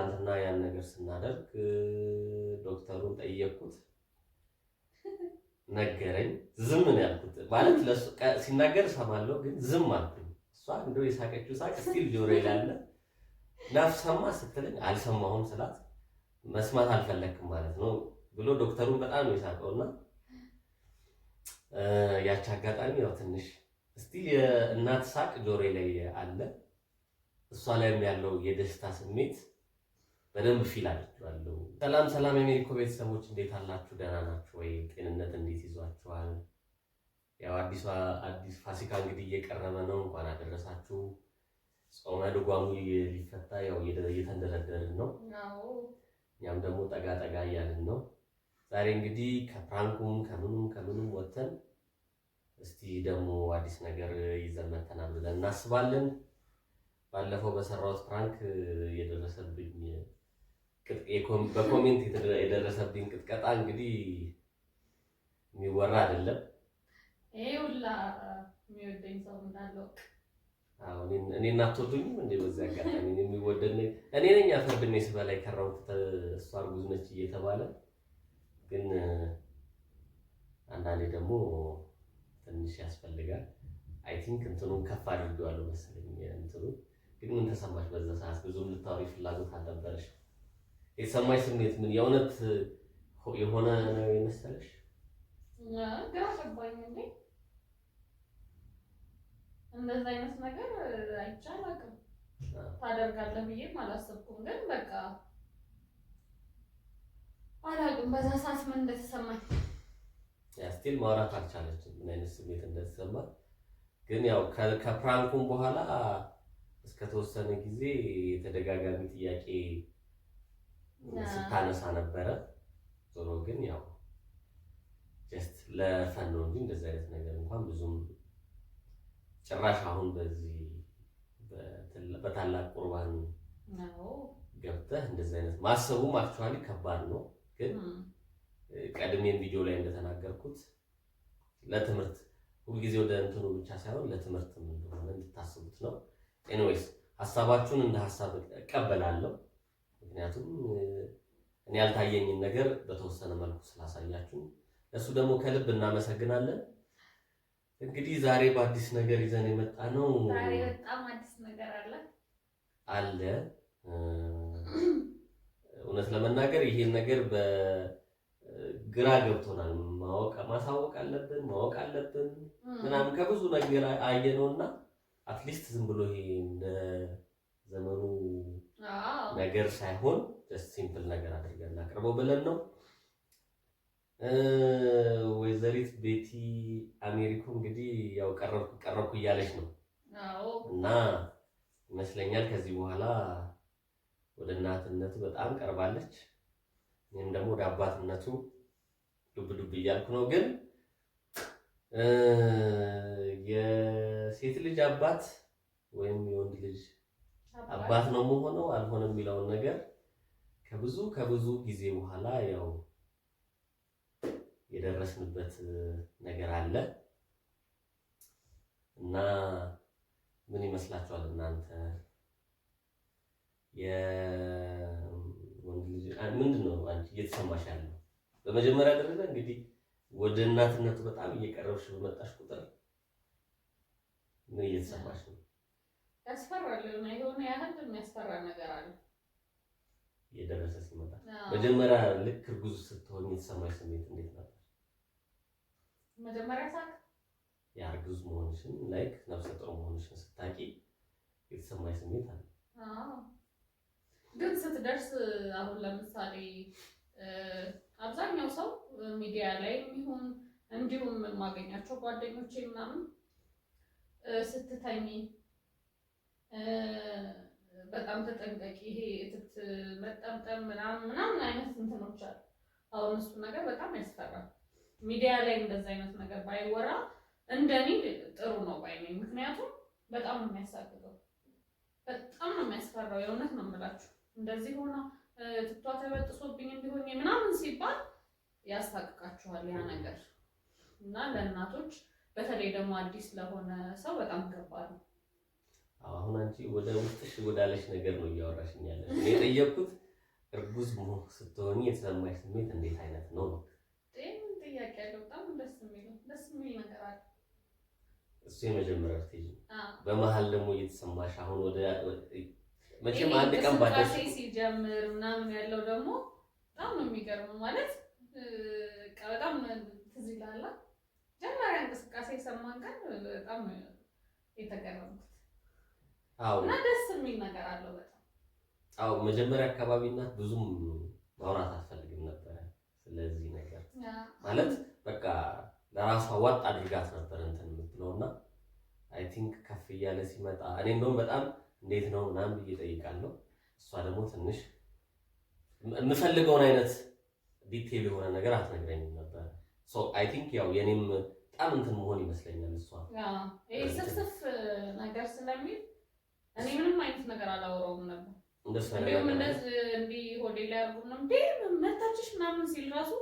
ትናንትና ያን ነገር ስናደርግ ዶክተሩን ጠየቅኩት፣ ነገረኝ። ዝም ነው ያልኩት። ማለት ሲናገር እሰማለሁ፣ ግን ዝም አልኩኝ። እሷ እንደው የሳቀችው ሳቅ ስቲል ጆሮ ይላለ ናፍ ሰማ ስትለኝ አልሰማሁም ስላት መስማት አልፈለክም ማለት ነው ብሎ ዶክተሩን በጣም ነው የሳቀው። እና አጋጣሚ ያው ትንሽ እስቲ የእናት ሳቅ ጆሮ ላይ አለ እሷ ላይም ያለው የደስታ ስሜት በደንብ ፊል አድርጌዋለሁ። ሰላም ሰላም፣ የሜሪኮ ቤተሰቦች እንዴት አላችሁ? ደህና ናችሁ ወይ? ጤንነት እንዴት ይዟችኋል? ያው አዲሱ አዲስ ፋሲካ እንግዲህ እየቀረበ ነው። እንኳን አደረሳችሁ። ጾመ ድጓሙ ሊፈታ ያው እየተንደረደርን ነው። እኛም ደግሞ ጠጋ ጠጋ እያልን ነው። ዛሬ እንግዲህ ከፕራንኩም ከምኑም ከምኑም ወጥተን እስቲ ደግሞ አዲስ ነገር ይዘን ብለን እናስባለን። ባለፈው በሰራሁት ፕራንክ የደረሰብኝ በኮሜንት የደረሰብኝ ቅጥቀጣ እንግዲህ የሚወራ አይደለም። ይሄ ሁላ የሚወደኝ ሰው እንደ በዚህ አጋጣሚ የሚወደድ እኔ ነኝ አፈርድኔ ስበላይ ከራሁት እሷ እርጉዝ ነች እየተባለ ግን አንዳንዴ ደግሞ ትንሽ ያስፈልጋል። አይ ቲንክ እንትኑን ከፍ አድርጌዋለሁ መሰለኝ። እንትኑ ግን ምን ተሰማሽ? በዛ ሰዓት ብዙም ልታወሪ ፍላጎት አልነበረሽ? የሰማሽ ስሜት ምን የእውነት የሆነ ነው የመሰለሽ? ግራ ገባኝ። እንደዛ አይነት ነገር አይቼ አላውቅም። ታደርጋለህ ብዬም አላሰብኩም። ግን በቃ አላውቅም፣ በዛ ሰዓት ምን እንደተሰማኝ ስቲል ማውራት አልቻለችም፣ ምን አይነት ስሜት እንደተሰማ ግን ያው ከፕራንኩም በኋላ እስከተወሰነ ጊዜ የተደጋጋሚ ጥያቄ ስታነሳ ነበረ። ዞሮ ግን ያው ጀስት ለፈን ነው እንጂ እንደዚህ አይነት ነገር እንኳን ብዙም ጭራሽ አሁን በዚህ በታላቅ ቁርባን ገብተህ እንደዚህ አይነት ማሰቡም አክቹዋሊ ከባድ ነው። ግን ቀድሜን ቪዲዮ ላይ እንደተናገርኩት ለትምህርት ሁልጊዜ ወደ እንትኑ ብቻ ሳይሆን ለትምህርት እንደሆነ እንድታስቡት ነው። ኤኒዌይስ ሀሳባችሁን እንደ ሀሳብ እቀበላለሁ። ምክንያቱም እኔ ያልታየኝን ነገር በተወሰነ መልኩ ስላሳያችሁ እሱ ደግሞ ከልብ እናመሰግናለን። እንግዲህ ዛሬ በአዲስ ነገር ይዘን የመጣ ነው። ዛሬ በጣም አዲስ ነገር አለ አለ። እውነት ለመናገር ይሄን ነገር በግራ ገብቶናል። ማወቅ ማሳወቅ አለብን ማወቅ አለብን ምናምን ከብዙ ነገር አየነውና አትሊስት ዝም ብሎ ይሄ እንደ ዘመኑ ነገር ሳይሆን ሲምፕል ነገር አድርገን እናቅርበው ብለን ነው። ወይዘሪት ቤቲ አሜሪኮ እንግዲህ ያው ቀረብኩ ቀረብኩ እያለች ነው እና ይመስለኛል ከዚህ በኋላ ወደ እናትነቱ በጣም ቀርባለች። ይህም ደግሞ ወደ አባትነቱ ዱብ ዱብ እያልኩ ነው። ግን የሴት ልጅ አባት ወይም የወንድ ልጅ አባት ነው መሆነው አልሆነም የሚለውን ነገር ከብዙ ከብዙ ጊዜ በኋላ ያው የደረስንበት ነገር አለ እና ምን ይመስላችኋል እናንተ? የወንድ ልጅ ምንድን ነው አንቺ እየተሰማሽ ያለው? በመጀመሪያ ደረጃ እንግዲህ ወደ እናትነቱ በጣም እየቀረብሽ በመጣሽ ቁጥር ምን እየተሰማሽ ነው? ያስፈራል። የሆነ ያህል የሚያስፈራ ነገር አለ። የደረሰ ሲመጣ መጀመሪያ ልክ እርጉዝ ስትሆን የተሰማሽ ስሜት እንዴት ነበር? መጀመሪያ ሳቅ የእርጉዝ መሆንሽን ላይክ ነፍሰ ጡር መሆንሽን ስታቂ የተሰማሽ ስሜት አለ። ግን ስትደርስ አሁን ለምሳሌ አብዛኛው ሰው ሚዲያ ላይ የሚሆን እንዲሁም የማገኛቸው ጓደኞቼ ምናምን ስትተኝ በጣም ተጠንቀቂ፣ ይሄ እትት መጠምጠም ምናምን ምናምን አይነት እንትኖች አሉ። አሁን እሱ ነገር በጣም ያስፈራል። ሚዲያ ላይ እንደዛ አይነት ነገር ባይወራ እንደኔ ጥሩ ነው ባይነኝ። ምክንያቱም በጣም ነው በጣም ነው የሚያስፈራው። የእውነት ነው የምላችሁ እንደዚህ ሆና ትቷ ተበጥሶብኝ ቢሆን ምናምን ሲባል ያስታቅቃችኋል ያ ነገር እና ለእናቶች በተለይ ደግሞ አዲስ ለሆነ ሰው በጣም ከባድ ነው። አሁን አንቺ ወደ ውስጥሽ ወዳለሽ ነገር ነው እያወራሽኝ ያለ። እኔ የጠየቅኩት እርጉዝ መሆን ስትሆኝ የተሰማሽ ስሜት እንዴት አይነት ነው ነው። ጥያቄ ያለው በጣም ደስ የሚለው እሱ የመጀመሪያ ስቴጅ ነው። በመሀል ደግሞ እየተሰማሽ አሁን ወደ መቼም አንድ ቀን ባደሽ ሲጀምር ምናምን ያለው ደግሞ በጣም ነው የሚገርመው። ማለት በጣም ትዝ ይላል ጀመሪያ እንቅስቃሴ የሰማን ቀን በጣም የተገረምኩት እና ደስ የሚል ነገር አለው በጣም። አዎ መጀመሪያ አካባቢ እናት ብዙም ማውራት አትፈልግም ነበረ ስለዚህ ነገር ማለት በቃ ለራሷ ዋጥ አድርጋት ነበር እንትን የምትለው እና አይ ቲንክ ከፍ እያለ ሲመጣ እኔ እንደውም በጣም እንዴት ነው ምናምን ብዬ እጠይቃለሁ። እሷ ደግሞ ትንሽ የምፈልገውን አይነት ዲቴል የሆነ ነገር አትነግረኝም ነበር። ሶ አይ ቲንክ ያው የኔም በጣም እንትን መሆን ይመስለኛል እሷ ስፍስፍ ነገር ስለሚል እኔ ምንም አይነት ነገር አላወራውም ነበር። እንዲሁም እንደዚህ እንዲህ ሆዴ ላይ አርጉ ነው እንዴ መታችሽ ምናምን ሲል ራሱ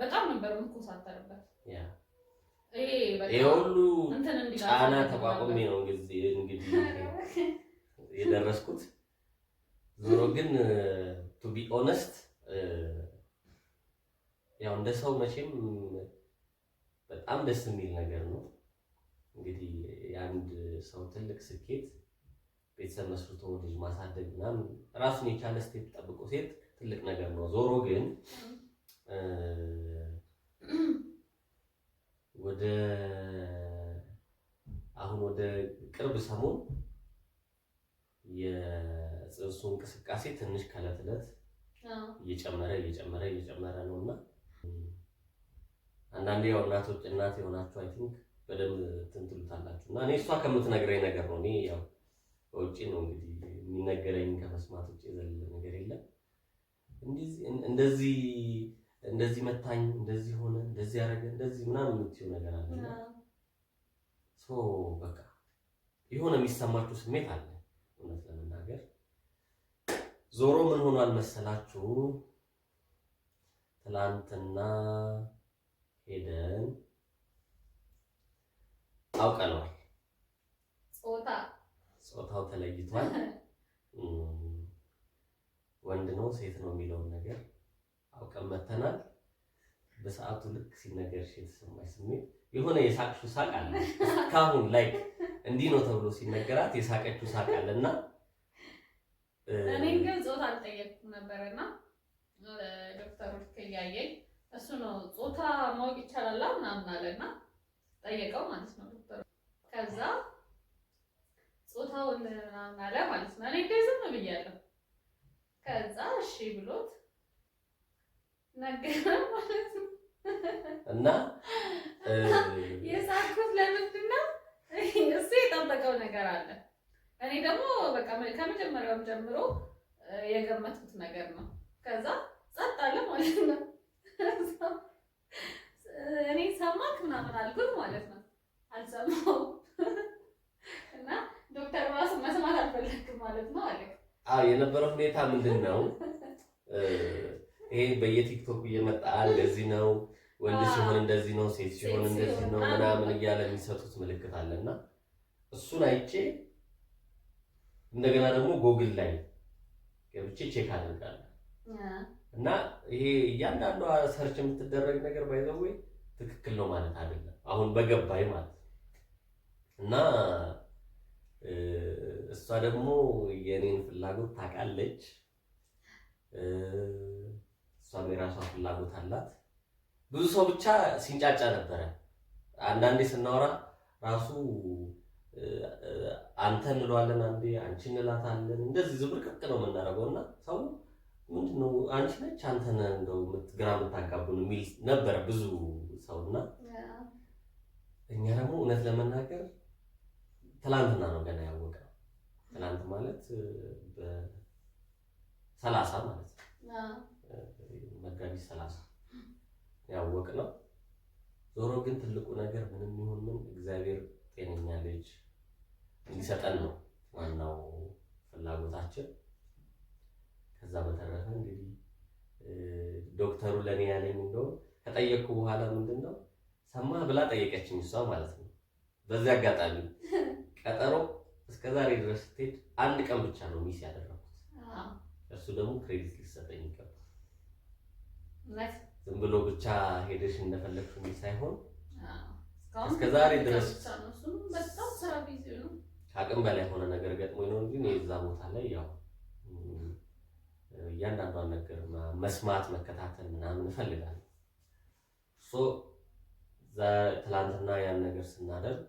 በጣም ነበር የምኮሳተርበት። ሁሉ ጫና ተቋቁሜ ነው እንግዲህ የደረስኩት። ዞሮ ግን ቱ ቢ ኦነስት ያው እንደ ሰው መቼም በጣም ደስ የሚል ነገር ነው እንግዲህ የአንድ ሰው ትልቅ ስኬት ቤተሰብ መስርቶ ልጅ ማሳደግ ምናምን ራሱን የቻለ ስቴፕ ጠብቆ ሴት ትልቅ ነገር ነው። ዞሮ ግን ወደ አሁን ወደ ቅርብ ሰሞን የጽንሱ እንቅስቃሴ ትንሽ ከዕለት ዕለት እየጨመረ እየጨመረ እየጨመረ ነው እና አንዳንዴ ያው እናቶች እናት የሆናችሁ አይ ቲንክ በደንብ ትንትሉታላችሁ እና እኔ እሷ ከምትነግረኝ ነገር ነው እኔ ያው ከውጭ ነው እንግዲህ የሚነገረኝ ከመስማት ውጭ የዘለለ ነገር የለም። እንደዚህ እንደዚህ መታኝ፣ እንደዚህ ሆነ፣ እንደዚህ ያደረገ፣ እንደዚህ ምናምን የምትይው ነገር አለ። በቃ የሆነ የሚሰማችሁ ስሜት አለ። እውነት ለመናገር ዞሮ ምን ሆኗል መሰላችሁ? ትላንትና ሄደን አውቀነዋል ጾታ ጾታው ተለይቷል፣ ወንድ ነው ሴት ነው የሚለውን ነገር አውቀን መተናል። በሰዓቱ ልክ ሲነገርሽ የተሰማሽ ስሜት የሆነ የሳቅሹ ሳቅ አለ። እስካሁን ላይ እንዲህ ነው ተብሎ ሲነገራት የሳቀቹ ሳቅ አለ እና እኔ ግን ጾታ አልጠየቅኩም ነበርና ዶክተሮች ከያየኝ እሱ ነው ጾታ ማወቅ ይቻላላ ምናምን አለና ጠየቀው ማለት ነው ዶክተሩ ከዛ ጾታውን ምናምን አለ ማለት ነው። እኔ ግን ዝም ብያለሁ። ከዛ እሺ ብሎት ነገረ ማለት ነው። እና የሳኩት ለምንድን ነው? እሱ የጠበቀው ነገር አለ። እኔ ደግሞ በቃ ከመጀመሪያውም ጀምሮ የገመትኩት ነገር ነው። ከዛ ጸጥ አለ ማለት ነው። እኔ ሰማክ ምናምን አልኩት ማለት ነው። አልሰማሁም እና ዶክተር ራሱ መስማት አልፈለግም ማለት ነው አለ። አዎ የነበረው ሁኔታ ምንድን ነው? ይሄ በየቲክቶክ እየመጣ እንደዚህ ነው፣ ወንድ ሲሆን እንደዚህ ነው፣ ሴት ሲሆን እንደዚህ ነው ምናምን እያለ የሚሰጡት ምልክት አለና እሱን አይቼ እንደገና ደግሞ ጎግል ላይ ገብቼ ቼክ አደርጋለሁ እና ይሄ እያንዳንዷ ሰርች የምትደረግ ነገር ባይዘወይ ትክክል ነው ማለት አይደለም። አሁን በገባይ ማለት እና እሷ ደግሞ የኔን ፍላጎት ታውቃለች። እሷም የራሷ ፍላጎት አላት። ብዙ ሰው ብቻ ሲንጫጫ ነበረ። አንዳንዴ ስናወራ ራሱ አንተ እንለዋለን፣ አንዴ አንቺ እንላታለን። እንደዚህ ዝብርቅርቅ ነው የምናደርገው እና ሰው ምንድነው አንቺ ነች አንተ ነህ እንደው ግራ የምታጋቡን የሚል ነበረ ብዙ ሰውና እኛ ደግሞ እውነት ለመናገር ትላንትና ነው ገና ያወቅነው። ትላንት ማለት በሰላሳ ማለት ነው መጋቢት ሰላሳ ነው። ዞሮ ግን ትልቁ ነገር ምንም ይሁን ምን እግዚአብሔር ጤነኛ ልጅ እንዲሰጠን ነው ዋናው ፍላጎታችን። ከዛ በተረፈ እንግዲህ ዶክተሩ ለእኔ ያለኝ እንደው ከጠየቅኩ በኋላ ምንድን ነው ሰማህ ብላ ጠየቀችኝ እሷ ማለት ነው በዚህ አጋጣሚ ቀጠሮ እስከ ዛሬ ድረስ ስትሄድ አንድ ቀን ብቻ ነው ሚስ ያደረኩት። እሱ ደግሞ ክሬዲት ሊሰጠኝ ይገባል። ዝም ብሎ ብቻ ሄደሽ እንደፈለግሽ ሳይሆን እስከ ዛሬ ድረስ ከአቅም በላይ የሆነ ነገር ገጥሞኝ ነው እንጂ የዛ ቦታ ላይ ያው እያንዳንዷን ነገር መስማት መከታተል ምናምን እፈልጋለሁ። ትላንትና ያን ነገር ስናደርግ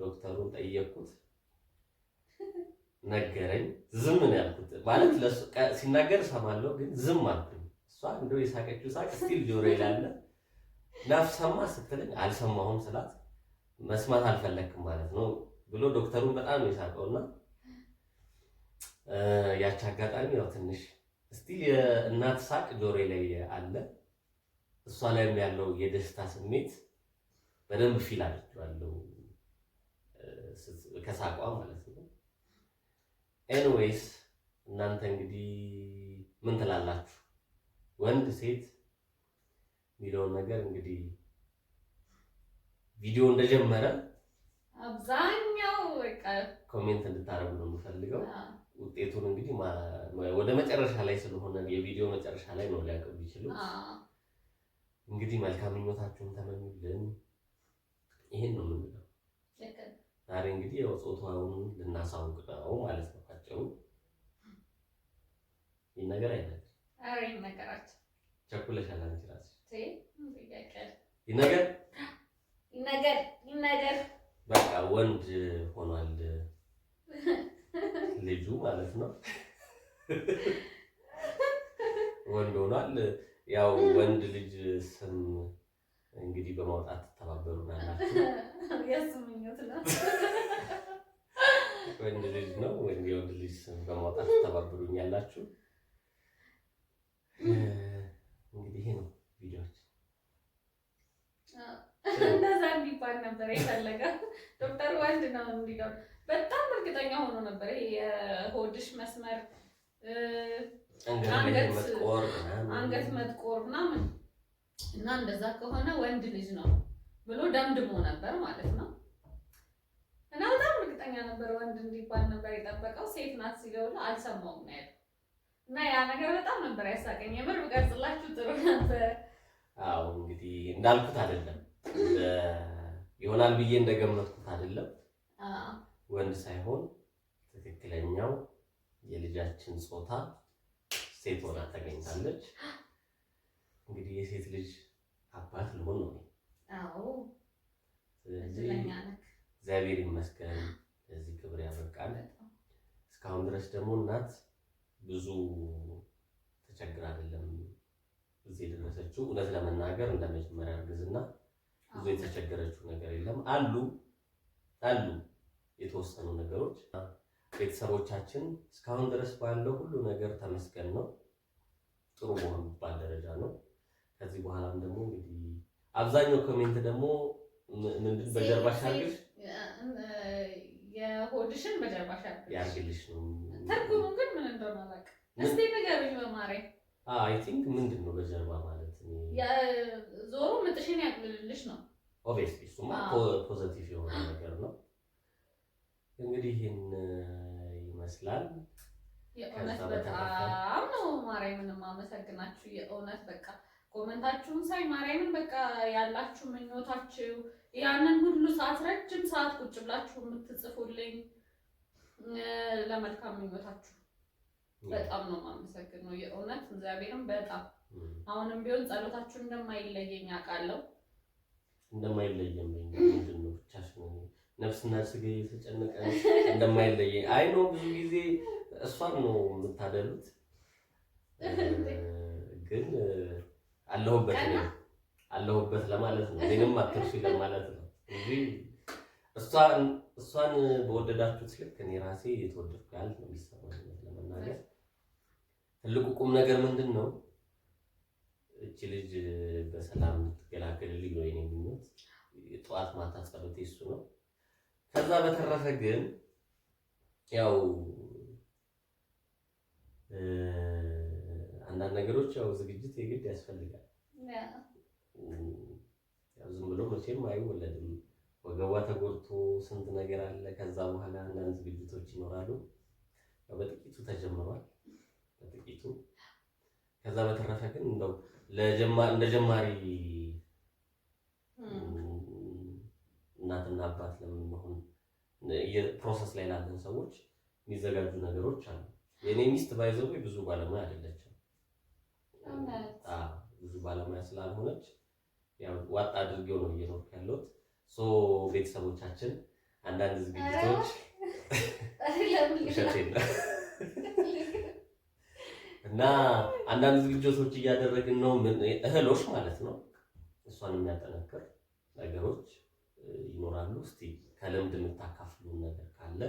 ዶክተሩን ጠየቅኩት፣ ነገረኝ። ዝም ነው ያልኩት። ማለት ሲናገር እሰማለሁ፣ ግን ዝም አልኩኝ። እሷ እንደ የሳቀችው ሳቅ ስቲል ጆሮ ይላለ ናፍሰማ ስትለኝ አልሰማሁም ስላት መስማት አልፈለግክም ማለት ነው ብሎ ዶክተሩን በጣም የሳቀውና ያቺ አጋጣሚ ያው ትንሽ ስቲል የእናት ሳቅ ጆሮ ላይ አለ እሷ ላይም ያለው የደስታ ስሜት በደንብ ፊል አድርጌዋለሁ፣ ከሳቋ ማለት ነው። ኤንዌይስ እናንተ እንግዲህ ምን ትላላችሁ? ወንድ ሴት የሚለውን ነገር እንግዲህ ቪዲዮ እንደጀመረ አብዛኛው ኮሜንት እንድታረጉ ነው የምፈልገው። ውጤቱን እንግዲህ ወደ መጨረሻ ላይ ስለሆነ የቪዲዮ መጨረሻ ላይ ነው ሊያቀርቡ ይችሉት እንግዲህ መልካም ምኞታችሁን ተመኙልን። ይሄን ነው የምንለው። ዛሬ እንግዲህ ያው ጾታውን ልናሳውቅ ነው ማለት ነው። ካጨው ይህ ነገር አይነት አሬ ነገራችሁ ቸኩለሻል አንቺ እራስሽ ይህ ነገር ነገር ነገር በቃ ወንድ ሆኗል ልጁ ማለት ነው። ወንድ ሆኗል። ያው ወንድ ልጅ ስም እንግዲህ በማውጣት ትተባበሩናላችሁ። የእሱ ወንድ ልጅ ነው። ወይም የወንድ ልጅ ስም በማውጣት ያላችሁ እንግዲህ ይሄ ነው እንደዛ እንዲባል ነበር የፈለገ ዶክተር ወንድ ነው እንዲለው በጣም እርግጠኛ ሆኖ ነበር የሆድሽ መስመር አንገት መጥቆር ምናምን እና እንደዛ ከሆነ ወንድ ልጅ ነው ብሎ ደምድሞ ነበር ማለት ነው። እና በጣም እርግጠኛ ነበር ወንድ እንዲባል ነበር የጠበቀው። ሴት ናት ሲለው አልሰማውም ነው ያለው። እና ያ ነገር በጣም ነበር ያሳቀኝ። የምር ብቀርጽላችሁ ጥሩ ነበር። አዎ እንግዲህ እንዳልኩት አይደለም፣ ይሆናል ብዬ እንደገመትኩት አይደለም። ወንድ ሳይሆን ትክክለኛው የልጃችን ጾታ ሴት ሆና ተገኝታለች። እንግዲህ የሴት ልጅ አባት ልሆን ነው። አዎ፣ እግዚአብሔር ይመስገን ለዚህ ክብር ያበቃል። እስካሁን ድረስ ደግሞ እናት ብዙ ተቸግራ አይደለም እዚህ የደረሰችው። እውነት ለመናገር እንደመጀመሪያ እርግዝና ብዙ የተቸገረችው ነገር የለም። አሉ አሉ የተወሰኑ ነገሮች ቤተሰቦቻችን እስካሁን ድረስ ባለው ሁሉ ነገር ተመስገን ነው። ጥሩ መሆን የሚባል ደረጃ ነው። ከዚህ በኋላም ደግሞ እንግዲህ አብዛኛው ኮሜንት ደግሞ ምንድን በጀርባሽ አድርግሽ የሆድሽን በጀርባሽ ያርግልሽ ነው። ግን ምን እንደሆነ እስቲ ንገሪኝ በማርያም። አይ ቲንክ ምንድን ነው በጀርባ ማለት ምጥሽን ያቅልልሽ ነው። ኦብቪየስሊ እሱማ ፖዘቲቭ የሆነ ነገር ነው እንግዲህ ይህን ይመስላል። የእውነት በጣም ነው ማርያምን የማመሰግናችሁ። የእውነት በቃ ኮመንታችሁን ሳይ ማርያምን በቃ ያላችሁ ምኞታችሁ ያንን ሁሉ ሰዓት ረጅም ሰዓት ቁጭ ብላችሁ የምትጽፉልኝ ለመልካም ምኞታችሁ በጣም ነው የማመሰግነው። የእውነት እግዚአብሔርም በጣም አሁንም ቢሆን ጸሎታችሁ እንደማይለየኝ አውቃለሁ። እንደማይለየኝ ምንድን ነው ብቻ ነፍስና ስጋ እየተጨነቀ እንደማይለየ አይ ነው። ብዙ ጊዜ እሷን ነው የምታደሉት፣ ግን አለሁበት አለሁበት ለማለት ነው። እኔንም አትርሱ ለማለት ነው እንጂ እሷን በወደዳችሁት ልክ እኔ ራሴ የተወደድኩ ያህል ነው የሚሰማኝ። ለመናገር ትልቁ ቁም ነገር ምንድን ነው? እቺ ልጅ በሰላም ትገላገልልኝ ነው የኔ ምኞት። ጠዋት ማታ ጸሎቴ እሱ ነው። ከዛ በተረፈ ግን ያው አንዳንድ ነገሮች ያው ዝግጅት የግድ ያስፈልጋል። ያው ዝም ብሎ መቼም አይወለድም። ወገቧ ተጎድቶ ስንት ነገር አለ። ከዛ በኋላ አንዳንድ ዝግጅቶች ይኖራሉ። በጥቂቱ ተጀምሯል፣ በጥቂቱ ከዛ በተረፈ ግን እንደው እንደ ጀማሪ ለምን አባት ለምን መሆን ፕሮሰስ ላይ ላለን ሰዎች የሚዘጋጁ ነገሮች አሉ። የእኔ ሚስት ባይዘው ብዙ ባለሙያ አይደለችም። ብዙ ባለሙያ ስላልሆነች ዋጣ አድርጌው ነው እየኖርኩ ያለሁት። ቤተሰቦቻችን አንዳንድ ዝግጅቶች እና አንዳንድ ዝግጅቶች እያደረግን ነው። እህሎች ማለት ነው እሷን የሚያጠናክር ነገሮች ይኖራሉ። እስቲ ከልምድ የምታካፍሉን ነገር ካለ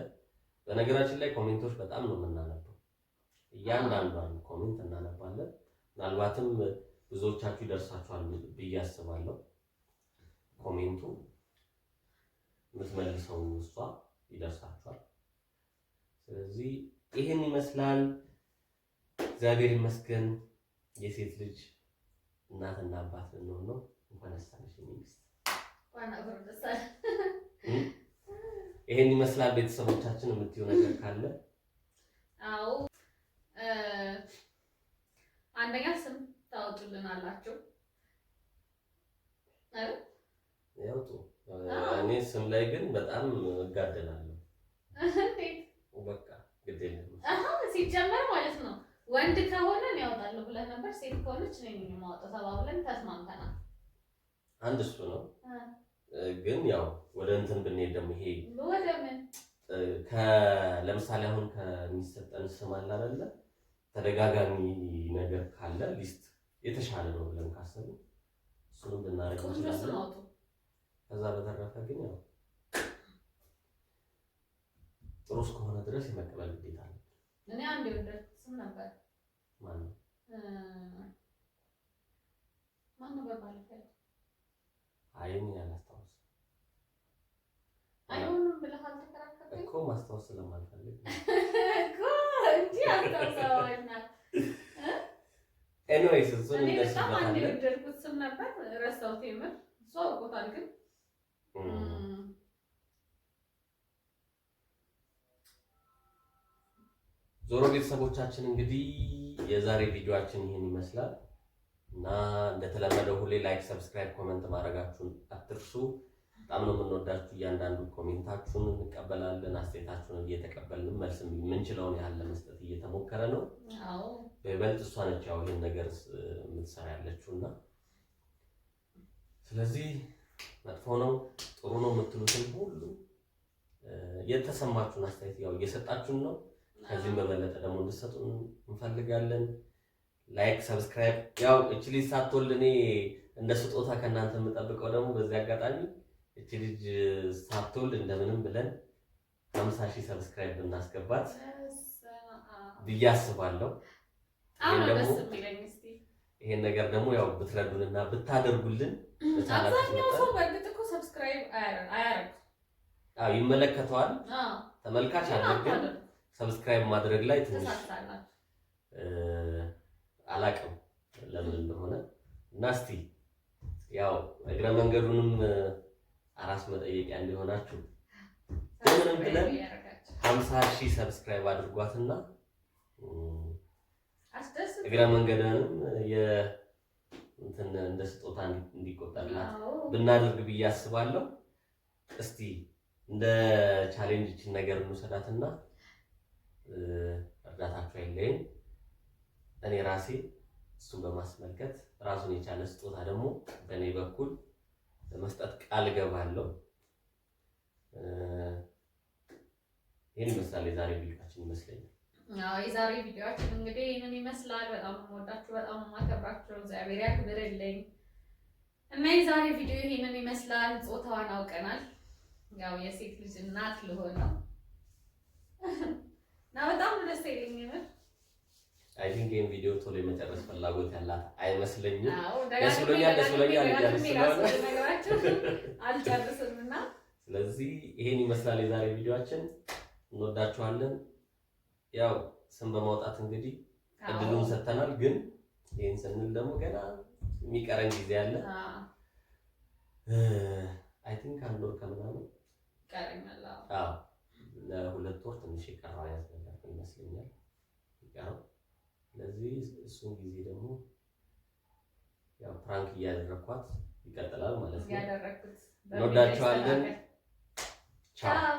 በነገራችን ላይ ኮሜንቶች በጣም ነው የምናነበው። እያንዳንዷን ኮሜንት እናነባለን። ምናልባትም ብዙዎቻችሁ ይደርሳችኋል ብዬ አስባለሁ። ኮሜንቱ የምትመልሰው እሷ ይደርሳችኋል። ስለዚህ ይህን ይመስላል። እግዚአብሔር ይመስገን የሴት ልጅ እናትና አባት ልንሆን ነው። እንኳን አሳነሽ ይሄን ይመስላል። ቤተሰቦቻችን የምትይው ነገር ካለ? አዎ አንደኛ ስም ታወጡልን አላቸው። ያውጡ። እኔ ስም ላይ ግን በጣም እጋደላለሁ። በቃ ግድ የለም። ሲጀመር ማለት ነው ወንድ ከሆነ እኔ ያወጣለሁ ብለን ነበር፣ ሴት ከሆነች እኔ ማወጣ ተባብለን ተስማምተናል። አንድ እሱ ነው። ግን ያው ወደ እንትን ብንሄድ ደግሞ ይሄ ለምሳሌ አሁን ከሚሰጠን ስም አለ አይደለ ተደጋጋሚ ነገር ካለ ሊስት የተሻለ ነው ብለን ካሰቡ እሱንም ብናደርግ እንችላለን። ከዛ በተረፈ ግን ያው ጥሩ እስከሆነ ድረስ የመቀበል ግዴታ አለ። እኔ አንድ የወደድኩት ስም ነበር። ማን ነው? በባለፈው አይ እኔ አላስታውስም ማስታወስ ስለማልፈልግ ኤኒዌይስ እሱን ስም ነበር ዞሮ ቤተሰቦቻችን እንግዲህ የዛሬ ቪዲዮአችን ይህን ይመስላል እና እንደተለመደው ሁሌ ላይክ፣ ሰብስክራይብ፣ ኮመንት ማድረጋችሁን አትርሱ። በጣም ነው የምንወዳችሁ። እያንዳንዱ ኮሜንታችሁን እንቀበላለን፣ አስተያየታችሁን እየተቀበልን መልስ የምንችለውን ያህል ለመስጠት እየተሞከረ ነው። በይበልጥ እሷ ነች ያው ይህን ነገር የምትሰራ ያለችው እና ስለዚህ መጥፎ ነው ጥሩ ነው የምትሉትን ሁሉ የተሰማችሁን አስተያየት ያው እየሰጣችሁን ነው። ከዚህም በበለጠ ደግሞ እንድትሰጡን እንፈልጋለን። ላይክ፣ ሰብስክራይብ ያው እችሊ ሳትወልድ እኔ እንደ ስጦታ ከእናንተ የምጠብቀው ደግሞ በዚህ አጋጣሚ እቺ ልጅ ሳትወልድ እንደምንም ብለን ሀምሳ ሺህ ሰብስክራይብ ብናስገባት ብዬ አስባለሁ። ይሄን ነገር ደግሞ ያው ብትረዱንና ብታደርጉልን ይመለከተዋል ተመልካች አለ፣ ግን ሰብስክራይብ ማድረግ ላይ ትንሽ አላቅም ለምን እንደሆነ እና እስቲ ያው እግረ መንገዱንም አራስ መጠየቂያ እንዲሆናችሁ ምንም ብለን ሀምሳ ሺህ ሰብስክራይብ አድርጓትና እግረ መንገድንም እንደ ስጦታ እንዲቆጠርላት ብናደርግ ብዬ አስባለሁ። እስቲ እንደ ቻሌንጅ ነገር እንውሰዳትና እርዳታችሁ አይለይም። እኔ ራሴ እሱን በማስመልከት ራሱን የቻለ ስጦታ ደግሞ በእኔ በኩል መስጠት ቃል ገባለሁ። ይህን ምሳሌ ዛሬ ቪዲዮችን ይመስለኛል። የዛሬ ቪዲዮችን እንግዲህ ይህንን ይመስላል። በጣም የምወዳችሁ በጣም የማከብራችሁ እግዚአብሔር ያክብርልኝ እና የዛሬ ቪዲዮ ይህንን ይመስላል። ጾታዋን አውቀናል። ያው የሴት ልጅ እናት ልሆን ነው እና በጣም ደስ ይለኛል። አይ ቲንክ ይሄን ቪዲዮ ቶሎ የመጨረስ ፍላጎት ያላት አይመስለኝም። ደስ ብሎኛል፣ ደስ ብሎኛል እያለች አልጨርስምና፣ ስለዚህ ይሄን ይመስላል የዛሬ ቪዲዮአችን። እንወዳችኋለን። ያው ስም በማውጣት እንግዲህ እድሉን ሰጥተናል፣ ግን ይሄን ስንል ደግሞ ገና የሚቀረን ጊዜ አለ። አይ ቲንክ አንድ ወር ከምናምን ይቀረኛል። አዎ ለሁለት ወር ትንሽ ይቀረዋል ያስፈልጋል ይመስለኛል ይቀረው ስለዚህ እሱን ጊዜ ደግሞ ያው ፕራንክ እያደረኳት ይቀጥላል ማለት ነው። እንወዳችኋለን። ቻው